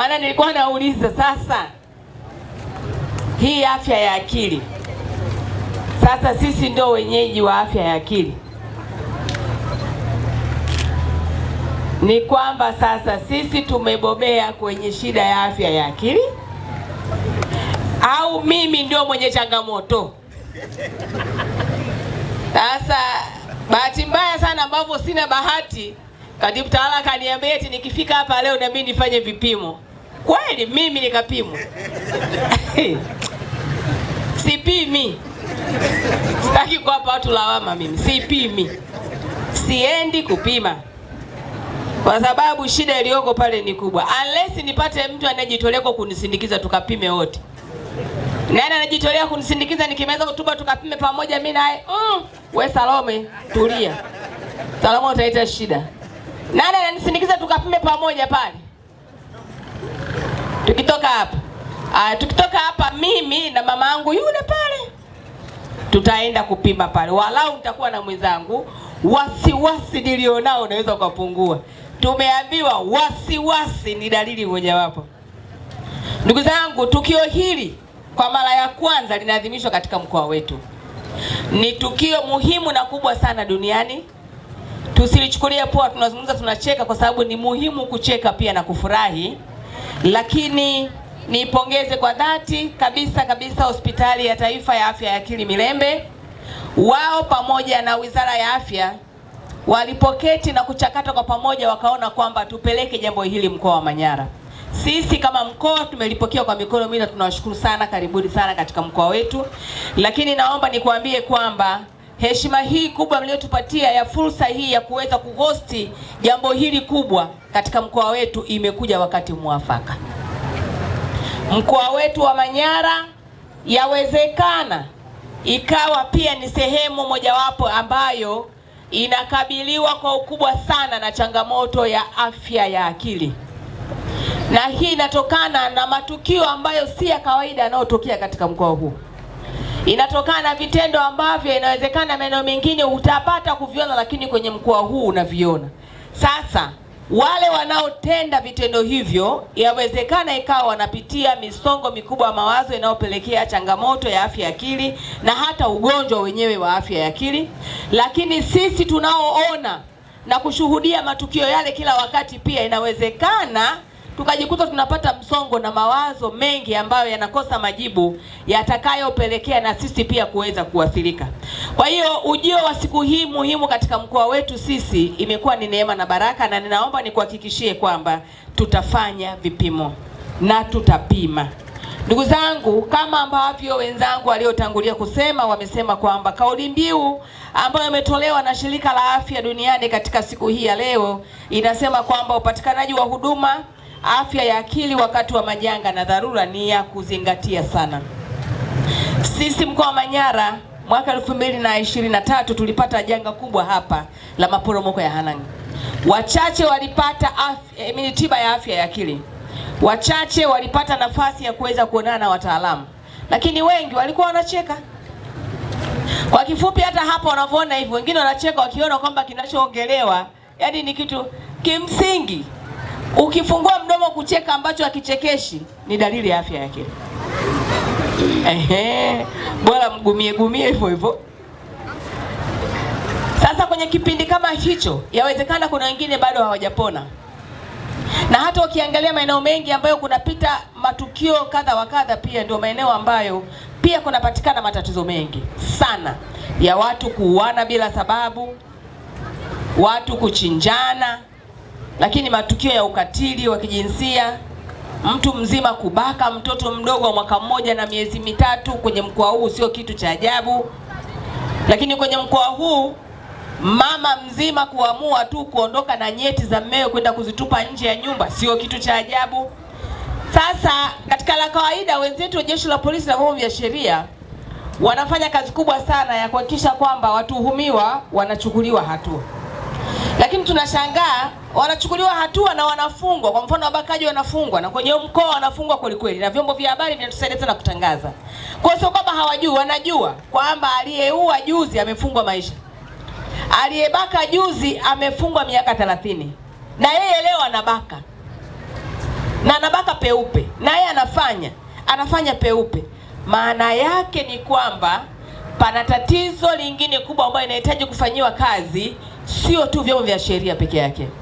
Maana nilikuwa nauliza sasa, hii afya ya akili sasa, sisi ndio wenyeji wa afya ya akili. Ni kwamba sasa sisi tumebobea kwenye shida ya afya ya akili au mimi ndio mwenye changamoto? Sasa bahati mbaya sana ambavyo sina bahati, katibu tawala kaniambia eti nikifika hapa leo na mimi nifanye vipimo. Kweli mimi nikapimwa sipimi, sitaki kuwapa watu lawama. Mimi sipimi, siendi kupima kwa sababu shida iliyoko pale ni kubwa. Unless nipate mtu anayejitolea kwa kunisindikiza, tukapime wote. Nani anajitolea kunisindikiza nikimaliza hotuba tukapime pamoja mimi naye? Mm, we Salome, tulia. Salome utaita shida. Nani ananisindikiza tukapime pamoja pale? Tukitoka hapa uh, tukitoka hapa mimi na mama yangu yule pale tutaenda kupima pale, walau nitakuwa na mwenzangu. Wasiwasi nilionao unaweza ukapungua. Tumeambiwa wasiwasi ni dalili mojawapo. Ndugu zangu, tukio hili kwa mara ya kwanza linaadhimishwa katika mkoa wetu. Ni tukio muhimu na kubwa sana duniani. Tusilichukulia poa, tunazungumza tunacheka, kwa sababu ni muhimu kucheka pia na kufurahi. Lakini nipongeze kwa dhati kabisa kabisa Hospitali ya Taifa ya Afya ya Akili Mirembe, wao pamoja na Wizara ya Afya walipoketi na kuchakata kwa pamoja, wakaona kwamba tupeleke jambo hili mkoa wa Manyara. Sisi kama mkoa tumelipokea kwa mikono miwili, tunawashukuru sana. Karibuni sana katika mkoa wetu, lakini naomba nikuambie kwamba heshima hii kubwa mliotupatia ya fursa hii ya kuweza kuhosti jambo hili kubwa katika mkoa wetu imekuja wakati mwafaka. Mkoa wetu wa Manyara yawezekana ikawa pia ni sehemu mojawapo ambayo inakabiliwa kwa ukubwa sana na changamoto ya afya ya akili, na hii inatokana na matukio ambayo si ya kawaida yanayotokea katika mkoa huu. Inatokana na vitendo ambavyo inawezekana maeneo mengine utapata kuviona, lakini kwenye mkoa huu unaviona sasa wale wanaotenda vitendo hivyo yawezekana ikawa wanapitia misongo mikubwa ya mawazo inayopelekea changamoto ya afya ya akili na hata ugonjwa wenyewe wa afya ya akili. Lakini sisi tunaoona na kushuhudia matukio yale kila wakati, pia inawezekana tukajikuta tunapata msongo na mawazo mengi ambayo yanakosa majibu yatakayopelekea na sisi pia kuweza kuathirika. Kwa hiyo ujio wa siku hii muhimu katika mkoa wetu sisi imekuwa ni neema na baraka, na ninaomba nikuhakikishie kwamba tutafanya vipimo na tutapima. Ndugu zangu, kama ambavyo wenzangu waliotangulia kusema wamesema kwamba kauli mbiu ambayo imetolewa na Shirika la Afya Duniani katika siku hii ya leo inasema kwamba upatikanaji wa huduma afya ya akili wakati wa majanga na dharura ni ya kuzingatia sana. Sisi mkoa wa Manyara mwaka na tatu tulipata janga kubwa hapa la maporomoko ya Hanang'. Wachache walipata afya, eh, tiba ya afya ya akili, wachache walipata nafasi ya kuweza kuonana na wataalamu, lakini wengi walikuwa wanacheka. Kwa kifupi, hata hapa wanavyoona hivi, wengine wanacheka wakiona kwamba kinachoongelewa yani ni kitu kimsingi Ukifungua mdomo kucheka ambacho hakichekeshi ni dalili ya afya ya akili. Ehe, bora mgumie gumie hivyo hivyo. Sasa kwenye kipindi kama hicho, yawezekana kuna wengine bado hawajapona, na hata ukiangalia maeneo mengi ambayo kunapita matukio kadha wa kadha, pia ndio maeneo ambayo pia kunapatikana matatizo mengi sana ya watu kuuana bila sababu, watu kuchinjana lakini matukio ya ukatili wa kijinsia, mtu mzima kubaka mtoto mdogo wa mwaka mmoja na miezi mitatu kwenye mkoa huu sio kitu cha ajabu. Lakini kwenye mkoa huu mama mzima kuamua tu kuondoka na nyeti za mmeo kwenda kuzitupa nje ya nyumba sio kitu cha ajabu. Sasa katika la kawaida, wenzetu wa jeshi la polisi na vyombo vya sheria wanafanya kazi kubwa sana ya kuhakikisha kwamba watuhumiwa wanachukuliwa hatua, lakini tunashangaa wanachukuliwa hatua na wanafungwa. Kwa mfano, wabakaji wanafungwa na kwenye mkoa wanafungwa kweli kweli, na vyombo vya habari vinatusaidia tena kutangaza. Kwa sio kwamba hawajui, wanajua kwamba aliyeua juzi amefungwa maisha, aliyebaka juzi amefungwa miaka 30, na yeye leo anabaka na anabaka peupe, na yeye anafanya anafanya peupe. Maana yake ni kwamba pana tatizo lingine kubwa ambayo inahitaji kufanyiwa kazi, sio tu vyombo vya sheria peke yake.